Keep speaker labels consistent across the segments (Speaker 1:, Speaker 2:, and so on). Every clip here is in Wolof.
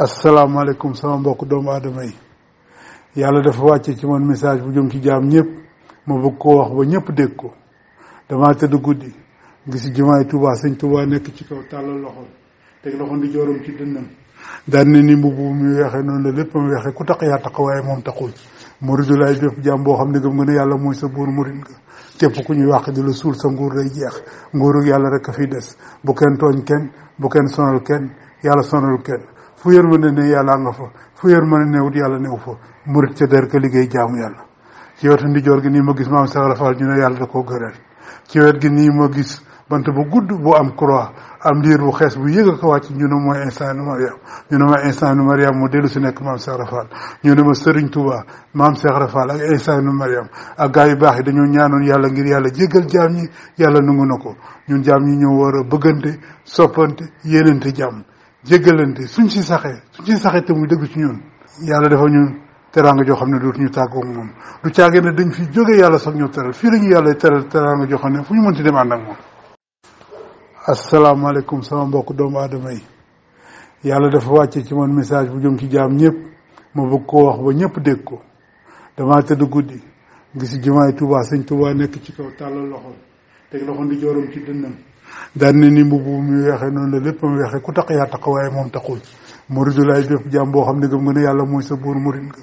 Speaker 1: asalaamaaleykum sama mbokk doomu aadama yi yàlla dafa wàcce ci man message bu jëm ci jaam ñëpp ma bëgg koo wax ba ñëpp dégg ko damaa tëdd guddi gis jumaay Tuubaa sëñ Tuubaa nekk ci kaw tàllal loxo teg loxo di joorom ci dënnam daan ni mbubb mu weexee noonu la lépp mu weexee ku taq yaa taq waaye moom taqul muridu laay bépp jaam boo xam ne gëm nga ne yàlla mooy sa buur murid nga ku ñuy wax di la suul sa nguur day jeex nguuru yàlla rek a fi des bu kenn tooñ kenn yàlla sonal kenn fu yërmande ne yàlla nga fa fu yërmande newut yàlla new fa murit ca der ka liggéey jaamu yàlla ci wetu ndijoor gi nii ma gis maam Seex Faal ñu ne yàlla da koo gëreel ci gi nii ma gis bant bu gudd bu am croix am liir bu xees bu yëg ko wàcc ñu ne mooy instant nu Mariam ñu ne ma instant nu Mariam mu dellu si nekk maam Seex Faal ñu ne ma Sëriñ Tuuba maam Seex Faal ak instant nu Mariam ak gaa yu baax yi dañoo ñaanoon yàlla ngir yàlla jéggal jaam ñi yàlla nangu na ko ñu jaam ñi ñu war a bëggante soppante yéenante jàmm jéggalante suñ ci saxee suñ ci saxee te muy dëgg ci ñun yàlla dafa ñu teraanga joo xam ne dootu ñu tàggoo moom du caagee ne dañ fi jóge yàlla sax ñoo teral fii la ñu yàlla teral teraanga joo xam ne fu ñu mënti dem ànd ak moom asalaamaaleykum sama mbokk doomu aadama yi yàlla dafa wàcce ci man message bu jëm ci jaam ñëpp ma bëgg koo wax ba ñëpp dégg ko damaa tëdd guddi gis jumaay Tuubaa sëñ Tuubaa nekk ci kaw tàllal loxo teg loxo di jooram ci dënnam daan ne ni mbubb mu weexe noonu la lépp mu weexe ku taq yaa taq waaye moom taqul muridu laay def jàmm boo xam ne gëm nga yàlla mooy sa buur murid nga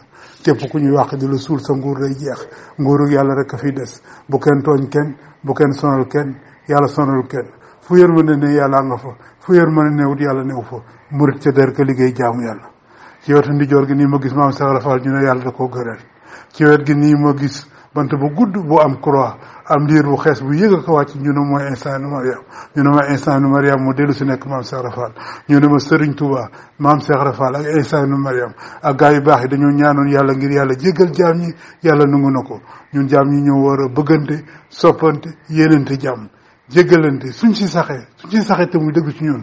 Speaker 1: képp ku ñuy wax di la suul sa nguur day jeex nguur yàlla rek a fi des bu kenn tooñ kenn bu kenn sonal kenn yàlla sonal kenn fu yërmande ne yàlla nga fa fu yërmande newut yàlla new fa murid ca der ka liggéey jaamu yàlla ci wetu ndijoor gi nii ma gis maam Seex Ibra Faal ñu ne yàlla da koo gëreel ci wet gi nii ma gis bant bu gudd bu am croix am liir bu xees bu yëg ko wàcc ñu ne mooy instant nu mariam ñu ne ma instant nu mariam mu dellu si nekk maam Cheikh Rafal ñu ne ma Serigne Touba maam Cheikh Rafal ak instant nu mariam ak gaa yu baax yi dañoo ñaanoon yàlla ngir yàlla jéggal jaam ñi yàlla nangu na ko ñun jaam ñi ñu war a bëggante soppante yéenante jàmm jéggalante suñ si saxee suñ si saxee te muy dëgg ci ñun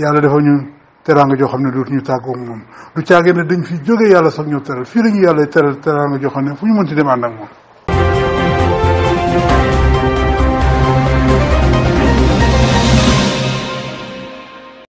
Speaker 1: yàlla dafa ñun teraanga joo xam ne dootuñu tàggoo moom du caagee ne dañ fi jógee yàlla sax ñoo teral fii la ñu yàlla teral teraanga joo xam ne fu ñu mënti dem ànd moom